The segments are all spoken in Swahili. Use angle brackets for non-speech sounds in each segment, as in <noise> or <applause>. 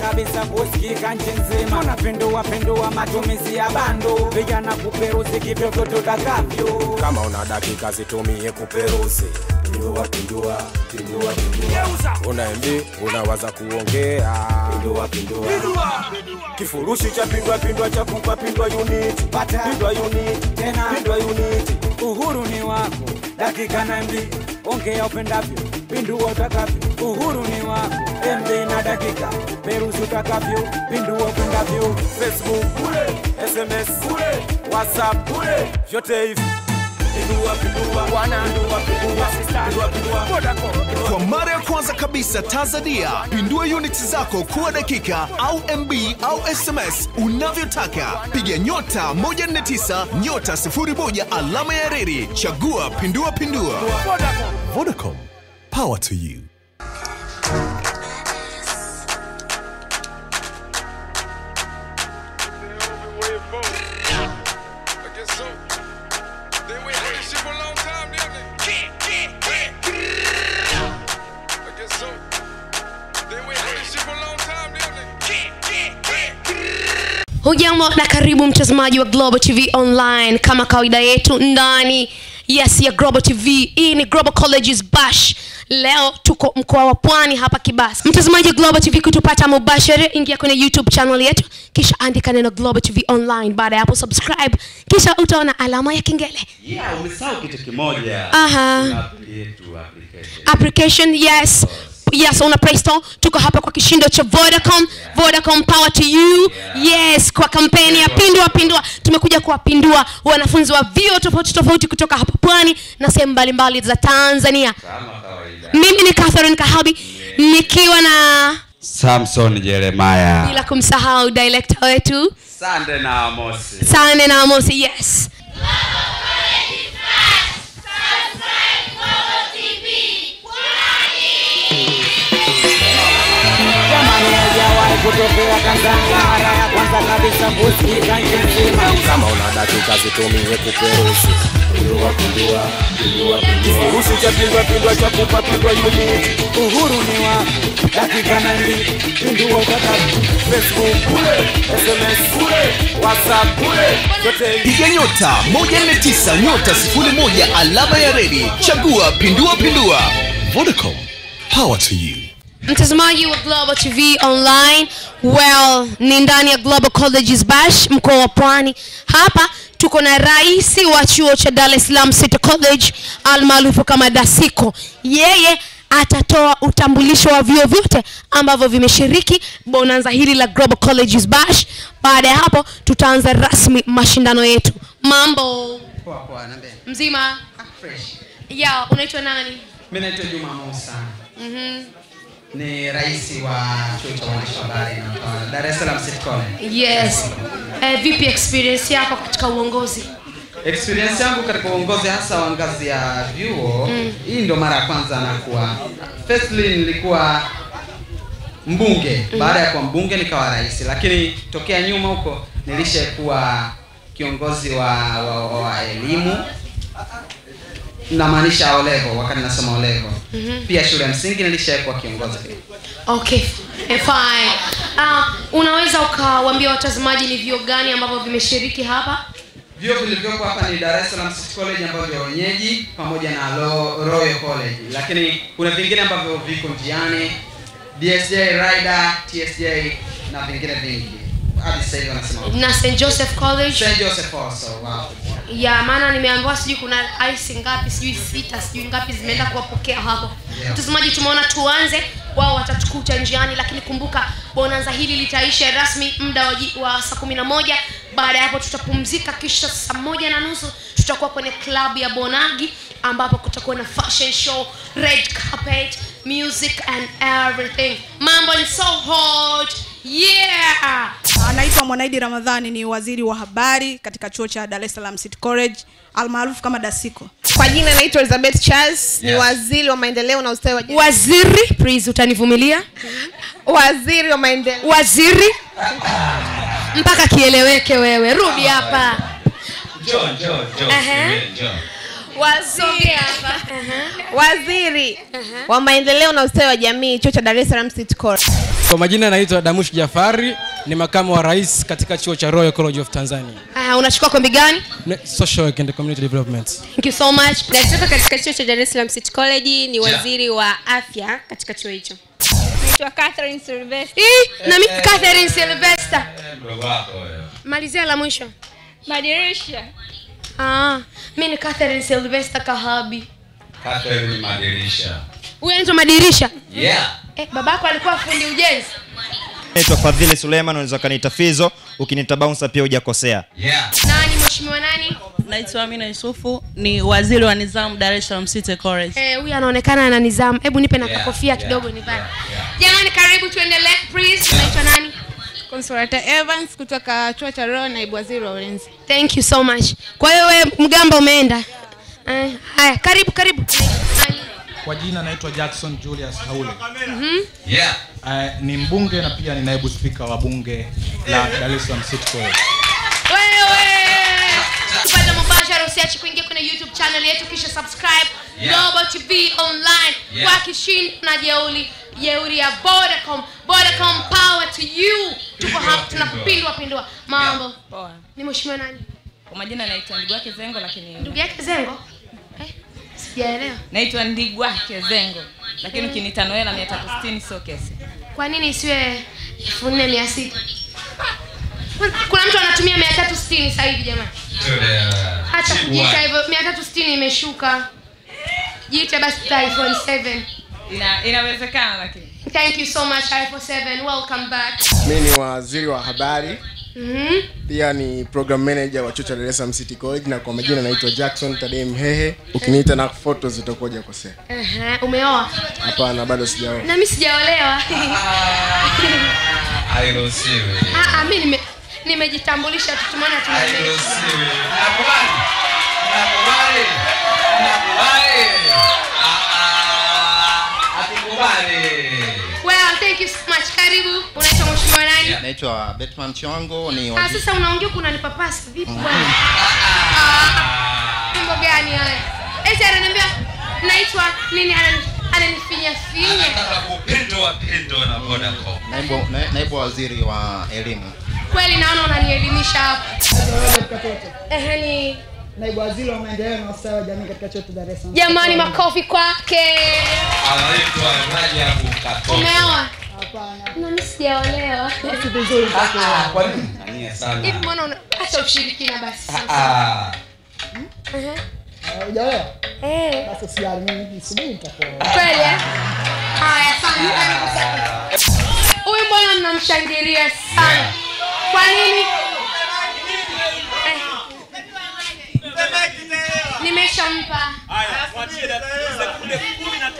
kabisa kusikika nchi nzima. Unapindua pindua matumizi ya bando, vijana kuperuzi kivyo tutakavyo. Kama una dakika zitumie kuperuzi Pindua, pindua, pindua, pindua. Una MB unawaza kuongea pindua, pindua. Pindua. Kifurushi cha pindua pindua cha kupa pindua unit pata pindua unit tena pindua unit. Uhuru ni wako, dakika na MB, ongea upendavyo, pindua utakavyo. Uhuru ni wako dakika merusu pindu pindua upendavyo facebook bure sms bure whatsapp bure Jote hivi kwa mara ya kwanza kabisa tanzania pindua units zako kuwa dakika au mb au sms unavyotaka piga nyota 149 nyota 01 alama ya reri chagua pindua pindua vodacom power to you Hujambo na karibu mtazamaji wa Global TV Online, kama kawaida yetu ndani yes ya Global TV. Hii ni Global Colleges Bash. Leo tuko mkoa wa Pwani hapa kibasi Mtazamaji wa Global TV, kutupata mubashara, ingia kwenye YouTube channel yetu, kisha andika neno Global TV Online. Baada ya hapo subscribe, kisha utaona alama ya kengele. Yeah, umesahau kitu kimoja. Aha. Application. application. yes yes una praise to tuko hapa kwa kishindo cha vodacom vodacom power to you yes kwa kampeni ya pindua pindua tumekuja kuwapindua wanafunzi wa vio tofauti tofauti kutoka hapa pwani na sehemu mbalimbali za tanzania mimi ni catherine kahabi nikiwa na samson jeremaya bila kumsahau director wetu sande na amosi sande na amosi yes Love of TV. kutokea Tanzania mara ya kwanza kabisa kusikika nchi nzima. Kama una dakika zitumie kuperuzi cha kupa uhuru ni wa dakika pindua Facebook SMS WhatsApp piga nyota 149 nyota alama ya redi chagua pindua pindua Vodacom power to you Mtazamaji wa Global TV Online, well, ni ndani ya Global Colleges Bash mkoa wa Pwani. Hapa tuko na rais wa chuo cha Dar es Salaam City College almaarufu kama Dasiko. Yeye atatoa utambulisho wa vyuo vyote ambavyo vimeshiriki bonanza hili la Global Colleges Bash. Baada ya hapo, tutaanza rasmi mashindano yetu. Mambo poa poa, mzima? Ah, fresh. Ya, unaitwa nani? Mimi naitwa Juma Musa. Mhm. Mm ni rais wa chuo cha uandishi wa habari na Dar es Salaam City College. Yes. Eh, vipi experience yako katika uongozi? Experience yangu katika uongozi hasa wa ngazi ya vyuo mm. hii ndio mara ya kwanza nakuwa. Firstly nilikuwa mbunge mm. baada ya kuwa mbunge nikawa rais, lakini tokea nyuma huko nilishakuwa kiongozi wa, wa, wa, wa elimu namaanisha olevo wakati nasoma olevo mm-hmm. pia shule ya msingi nilishawekwa kiongozi okay eh, fine uh, unaweza ukawaambia watazamaji ni vyo gani ambavyo vimeshiriki hapa vyo vilivyoko hapa ni dar es salaam city college ambayo vya wenyeji pamoja na royal college lakini kuna vingine ambavyo viko njiani dsj rider tsj na vingine vingi na St Joseph College St Joseph also wow ya maana nimeambiwa sijui kuna ice ngapi sijui sita sijui ngapi zimeenda kuwapokea hapo yeah. mtazamaji tumeona tuanze wao watatukuta njiani lakini kumbuka bonanza hili litaisha rasmi muda wa, wa saa kumi na moja baada ya hapo tutapumzika kisha saa moja na nusu tutakuwa kwenye klabu ya bonagi ambapo kutakuwa na fashion show red carpet music and everything mambo ni so hot yeah Anaitwa Mwanaidi Ramadhani, ni waziri wa habari katika chuo cha Dar es Salaam City College almaarufu kama Dasiko. Kwa jina anaitwa Elizabeth Charles, yes. ni waziri wa maendeleo na ustawi wa jamii. Waziri, please utanivumilia. Waziri wa maendeleo. Waziri mpaka kieleweke wewe, rudi ah, hapa. Njoo, njoo, njoo. Njoo. Waziri, waziri wa maendeleo na ustawi wa jamii, chuo cha Dar es Salaam City College. Kwa majina naitwa Damush Jafari, ni makamu wa rais katika chuo cha Royal College of Tanzania. Uh, unachukua kombi gani? Social work and community development. Thank you so much. Natoka katika chuo cha Dar es Salaam City College, ni waziri wa afya katika chuo hicho. Naitwa Catherine Sylvester. Eh, na mimi Catherine Sylvester. Malizia la mwisho. Madirisha. Ah, mimi ni Catherine Sylvester Kahabi. Catherine Madirisha huyu anaitwa madirisha yeah. eh, babako alikuwa fundi ujenzi naitwa fadhili suleiman unaweza ukaniita fizo ukinita bouncer pia hujakosea yeah. nani mheshimiwa nani naitwa amina yusufu ni waziri wa nizamu dar es salaam city college eh, huyu anaonekana ana nizamu hebu nipe na kakofia yeah, kidogo yeah, nivae yeah, yeah. jamani karibu tuendelee please unaitwa nani Consolata Evans kutoka chuo cha Royal, naibu waziri wa ulinzi. Thank you so much. Kwa hiyo wewe mgambo umeenda yeah. Eh, haya, karibu karibu. Thank you. Kwa jina naitwa Jackson Julius Haule. mm -hmm. yeah. Uh, ni mbunge na pia ni naibu spika wa bunge la Dar es Salaam City Wewe! Tupate mubashara, usiache kuingia kwenye YouTube channel yetu kisha subscribe Global TV Online kwa kishindo na jeuli jeuri ya Vodacom. Vodacom power to you. Tuko hapa tunapindua pindua mambo. Yeah. Poa. Ni mheshimiwa nani? Kwa majina naitwa ndugu yake Zengo lakini ndugu yake Zengo Sijaelewa. Naitwa Ndigwa Kezengo, lakini ukinita Noela mia tatu sitini sio kesi. Kwa nini isiwe elfu nne mia sita? Kuna mtu anatumia mia tatu sitini sasa hivi jamani, hata kujiita hivyo. mia tatu sitini imeshuka, jiite basi iPhone 7. inawezekana lakini. Thank you so much iPhone 7. Welcome back. Mimi ni waziri wa habari mm-hmm. pia ni program manager wa chuo cha Dar es Salaam City College na kwa majina naitwa Jackson Tadei Mhehe. Ukiniita na photo zitakuwa jakosea. Uh-huh. Umeoa? Hapana, bado sijaoa. Na mimi sijaolewa. <laughs> Hairuhusiwi. Ah, ah, mimi nime nimejitambulisha tu tumeona tuna Hairuhusiwi. Nakubali. Nakubali. Nakubali. Ah ah. Hatukubali. Well, thank you so much. Karibu. Unaitwa yeah. naitwa betman chiwango ni ah, wajibu. sasa unaongea kuna ni papas vipi mm. bwana mambo gani haya eti ananiambia naitwa nini anani ananifinya ananifinyafinya upendo wa pendo na boda vodacom naibu, naibu waziri wa elimu kweli naona unanielimisha hapa ehe ni naibu waziri wa maendeleo na ustawi wa jamii katika chuo Dar es Salaam. Jamani, makofi kwake. Anaitwa Rajabu Katongo. Umeoa? Hapana. Sijaolewa. Ah, ah, kwa nini? Nania sana. Hivi mbona acha ushirikina basi ah, sasa. Hujaolewa? Mhm. Eh. Basi usiali mimi subiri nitakuoa. Kweli? Eh? Haya sana. Huyu bwana mnamshangilia sana. Eh. Kwa nini? Eh. Nimeshampa. Haya, mwachie dakika 10 na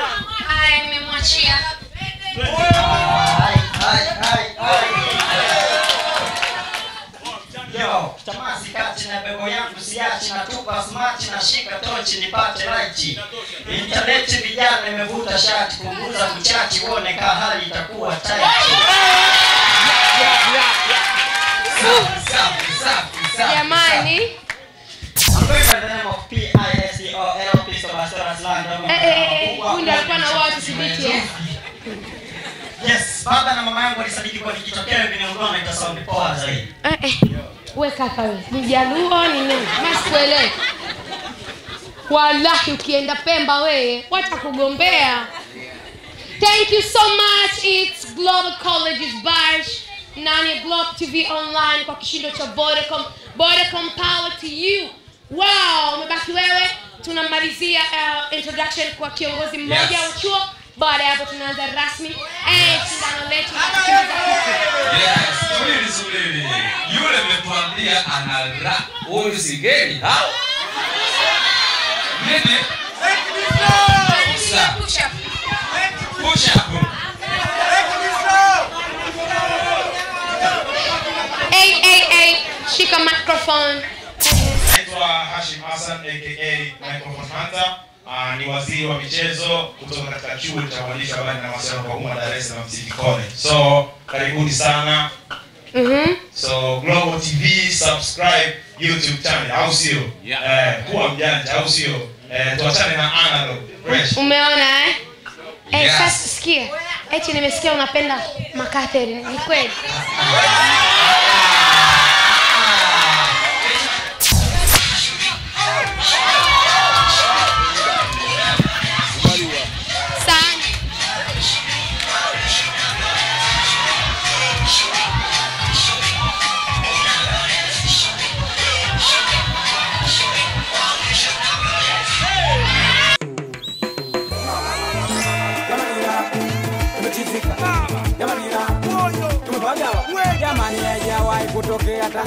machi nashika tochi nipate laiti. Intaneti vijana imevuta shati, punguza mchati, uone ka hali itakuwa taiti. Eh, eh, eh, yes, baba na mama yangu walisadiki kwa nikitokea hivi Nangolona itasaundi poa zaidi. Eh, eh. Wewe kaka wewe, ni Jaluo ni nini? Masikuelewi wallahi ukienda pemba wewe watakugombea thank you so much its global colleges bash nani globe tv online kwa kishindo cha vodacom vodacom power to you wow umebaki wewe tunamalizia uh, introduction kwa kiongozi mmoja yes. wa chuo baada ya hapo tunaanza rasmi eh, shindano letu yule mmetuambia anara huyu sigeni hao Nene. Naitwa Hashim Hassan aka Microphone Hunter. Uh, ni waziri wa michezo kutoka katika chuo cha uandishi wa habari na mawasiliano kwa umma Dar es Salaam City College. So, karibuni sana. Mm -hmm. So, Global TV subscribe YouTube channel, au sio? Yeah. Eh, kuwa mjanja, au sio? Eh, tuachane na analog. Umeona eh? Eh, Sasa sikia. Eti nimesikia unapenda makatheri. Ni kweli? Ah, ah.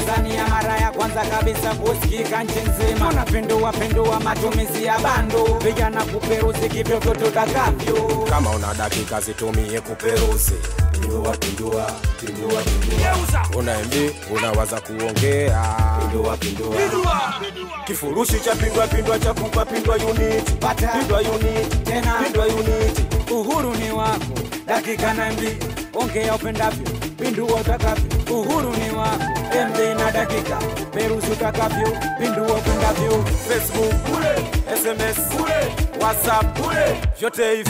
Tanzania mara ya kwanza kabisa kusikika nchi nzima. Unapindua pindua matumizi ya bando, vijana kuperuzi kivyovyo tutakavyo. Kama una dakika zitumie kuperuzi pindua pindua pindua pindua, una MB unawaza kuongea pindua pindua pindua, kifurushi cha pindua pindua cha kupa pindua unit pata pindua unit tena pindua unit, uhuru ni wako, dakika na MB ongea upendavyo, pindua utakavyo, uhuru ni wako mde na dakika, peruzi utakavyo, pindua upendavyo, Facebook bure, SMS bure, WhatsApp bure, vyote hivi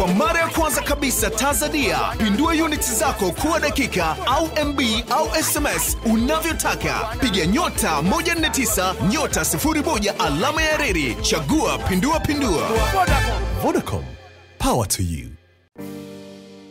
kwa mara ya kwanza kabisa Tanzania, pindua units zako kuwa dakika au MB au SMS unavyotaka. Piga nyota 149 nyota 01 alama ya reri, chagua pindua pindua. Vodacom, power to you.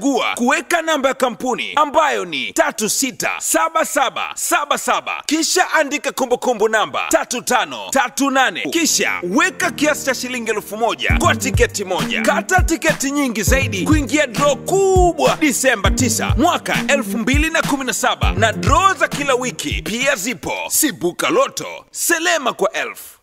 chagua kuweka namba ya kampuni ambayo ni 367777 kisha andika kumbukumbu namba 3538 kisha weka kiasi cha shilingi 1000 kwa tiketi moja. Kata tiketi nyingi zaidi kuingia draw kubwa Disemba 9 mwaka 2017 na, na draw za kila wiki pia zipo. Sibuka Loto, selema kwa elfu.